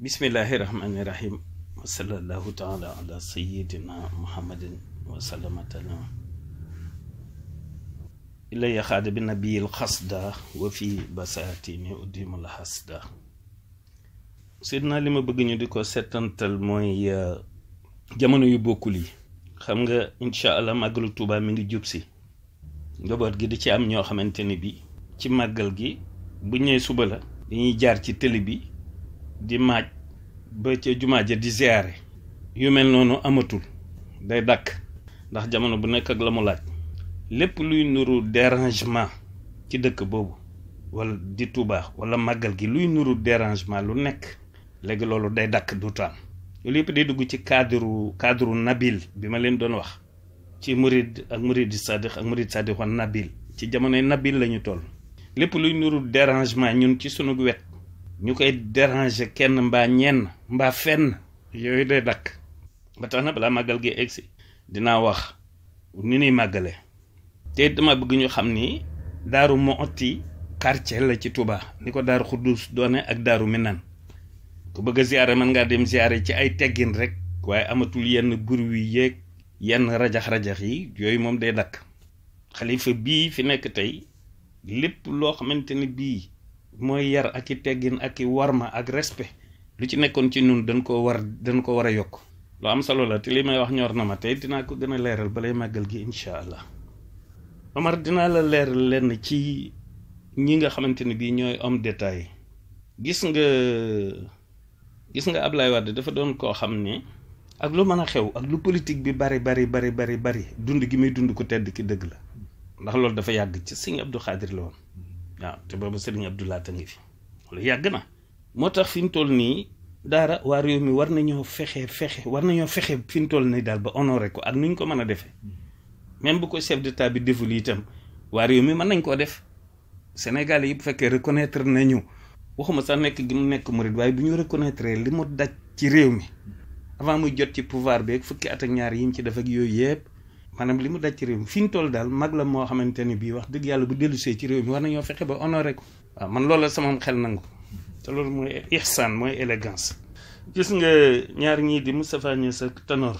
bismillahi rahmaani rahim wa sallallahu taala ala sayidina muhammadin wa sallama ilay yaxaada bi nabiyil xasda wa fi basaatini uddimul xasda sidna li ma bëgg ñu di ko setantal mooy uh, jamono yu bokkul yi xam nga incha allah màggalu tuubaa mi ngi jub si njaboot gi di ci am ñoo xamante ni bi ci màggal gi bu ñëwee suba la dañuy jaar ci télé bi di maaj ba ca jumaa ja di ziyaare yu mel noonu amatul day dàkk ndax jamono bu nekk ak la mu laaj lépp luy nuru dérangement ci dëkk boobu wala di Touba wala màggal gi luy nuru dérangement lu nekk léegi loolu day dàkk du taam loolu yëpp day dugg ci cadre cadre nabil bi ma leen doon wax ci murid ak murid sadiq ak murid sadiq wan nabil ci jamonoy nabil la ñu toll lépp luy nuru dérangement ñun ci sunu wet ñu koy déranger kenn mbaa ñenn mbaa fenn yooyu day dakk ba tax na balaa màggal gi egsi dinaa wax ni nuy màggale te dama bëgg ñu xam ni daaru Muxti quartier la ci tubaa ni ko daaru Xuddus doone ak daaru Minan ku bëgg a ziare mën ngaa dem ziare ci ay teggin rek waaye amatul yenn bruit yeeg yenn rajax-rajax yi yooyu moom day dakk xalifa bii fi nekk tey lépp loo xamante ni bii mooy yar ak i teggin ak i warma ak respect lu ci nekkoon ci ñun dañ koo war dañ ko war a yokk lu am solo la te li may wax ñor na ma tey dinaa ko gën a leeral balay màggal gi incha allah Omar dinaa la leeral lenn ci ñi nga xamante ni bii ñooy homme d'État yi gis nga gis nga Ablaye Wade dafa doon koo xam ne ak lu mën a xew ak lu politique bi bari bari bari bari bari dund gi muy dund ko tedd ki dëgg la ndax loolu dafa yàgg ci Sëñ Abdou Xaadir la waaw te boobu Serigne Abdoulaye ta ngi fi loolu yàgg na moo tax fi mu toll nii daara waa réew mi war nañoo fexe fexe war nañoo fexe fi mu toll nii daal ba honoré ko ak nu ñu ko mën a defee même bu ko chef d'état bi deful itam waa réew mi mën nañ koo def Sénégal yi bu fekkee reconnaître nañu waxuma sax nekk gi mu nekk murid waaye bu ñu reconnaître li mu daj ci réew mi avant muy jot ci pouvoir beeg fukki at ak ñaar yi mu ci def ak yooyu yëpp maanaam li mu daj ci réew mi fi ñu toll daal mag la moo xamante ni bii wax dëgg yàlla bu dellusee ci réew mi war nañoo fexe ba honoré ko. waaw man loolu la sama xel nangu te loolu mooy ihsaan mooy élégance gis nga ñaar ñii di Moustapha Niass ak Tanor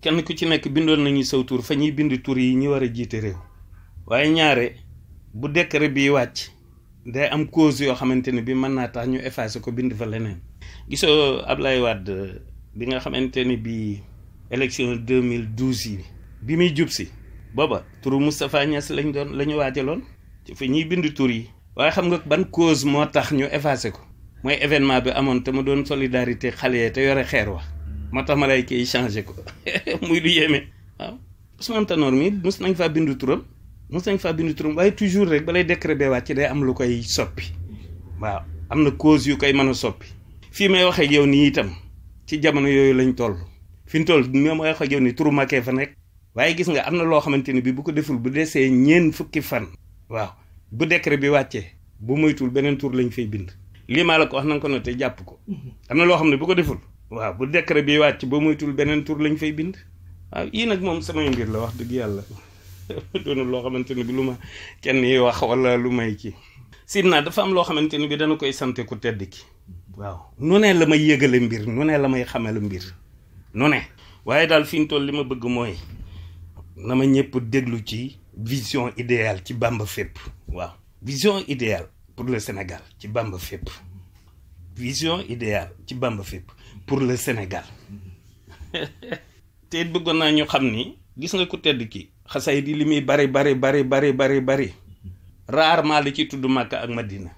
kenn ku ci nekk bindoon nañu saw tur fa ñuy bind tur yi ñi war a jiite réew waaye ñaare bu décret bi wàcc day am cause yoo xamante ne bi mën naa tax ñu effacé ko bind fa leneen gisoo Ablaye Wade bi nga xamante ne bi élection 2012 yi bi muy jub si booba turu Moustapha Niass lañ doon la ñu waajaloon ci fi ñuy bind tur yi waaye xam nga ban cause moo tax ñu effacé ko mooy événement bi amoon te ma doon solidarité xale yee te yore xeer wax moo tax ma lay kii changé ko muy lu yéeme waaw Ousmane Tanor mi mus nañ faa bind turam mus nañ faa bind turam waaye toujours rek balay décret bee wàcc day am lu koy soppi waaw am na cause yu koy mën a soppi fii may wax ak yow nii itam ci jamono yooyu lañ toll fi ñu toll mi may wax ak yow nii turu Macky fa nekk waaye gis nga am na loo xamante ni bi bu ko deful bu desee ñeen fukki fan waaw bu décret bi wàccee bu moytul beneen tur lañ fay bind lii maa la ko wax na ko na te jàpp ko mhm. am na loo xam ne bu ko deful waaw bu décret bi wàcc ba moytul beneen tur lañ fay bind waaw nag moom samay mbir la wax dëgg yàlla doonul loo xamante ni bi lu ma kenn yi wax wala lu may ci kii naa dafa am loo xamante ni bi dana koy sant ku tedd ki waaw nu ne la may yëgale mbir nu ne la may xamale mbir nu ne waaye daal fi ñu toll li ma bëgg mooy na ma ñëpp déglu ci vision idéale ci Bamba fépp waaw vision idéale pour le Sénégal ci Bamba fépp vision idéale ci Bamba fépp pour le Sénégal te it bëggoon naa ñu xam ni gis nga ko tedd ki xasay di li muy bari bari bari bari bari bari rarement li ciy tudd Màkka ak Madina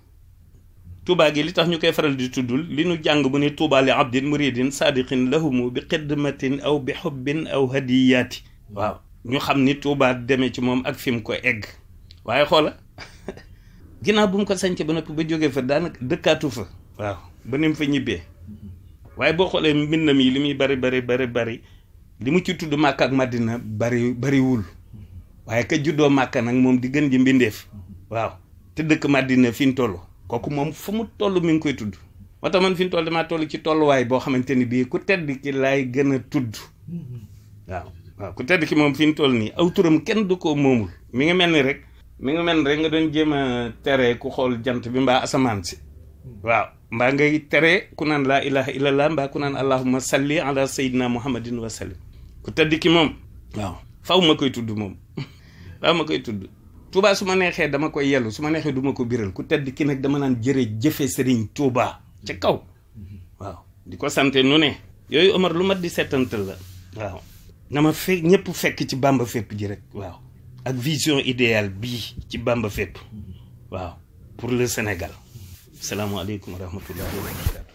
Touba gi li tax ñu koy faral di tuddul li nu jàng bu ne Touba li abdin muridin sadiqin lahumu bi xidmatin aw bi xubbin aw hadiyaati waaw ñu xam ni tuubaat demee ci moom ak fi mu ko egg waaye xoola ginnaaw bu mu ko sance ba noppi ba jógee fa daanaka dëkkaatu fa waaw ba ni mu fa ñibbee waaye boo xoolee mbindam yi li muy bari bari bari bari li mu ci tudd màkk ak madina bari bariwul waaye ka juddoo màkk nag moom di gën ji fi waaw te dëkk maddina fi mu toll kooku moom fu mu toll mu ngi koy tudd moo tax man fi mu toll damaa toll ci tolluwaay boo xamante ni bii ku tedd ki laay gën a tudd waaw ku tedd ki moom fi ñu toll nii aw turam kenn du ko moomul mi ngi mel ni rek mi ngi mel ni rek nga doon jéem a tere ku xool jant bi mbaa asamaan si waaw mbaa ngay tere ku naan laa ilaha illallah mbaa ku naan allahuma salli ala sayyidina muhammadin wa sallim ku tedd ki moom waaw faw ma koy tudd moom faw ma koy tudd Touba su ma neexee dama koy yellu su ma neexee duma ko biral ku tedd ki nag dama naan jëre jëfe Serigne tuubaa ca kaw waaw di ko sante nu ne yooyu Omar lu mat di settantal la waaw na ma fekk ñëpp fekk ci bamba fépp ji rek waaw ak vision idéale bii ci bamba fépp waaw pour le Sénégal salaamualeykum wa rahmatullahi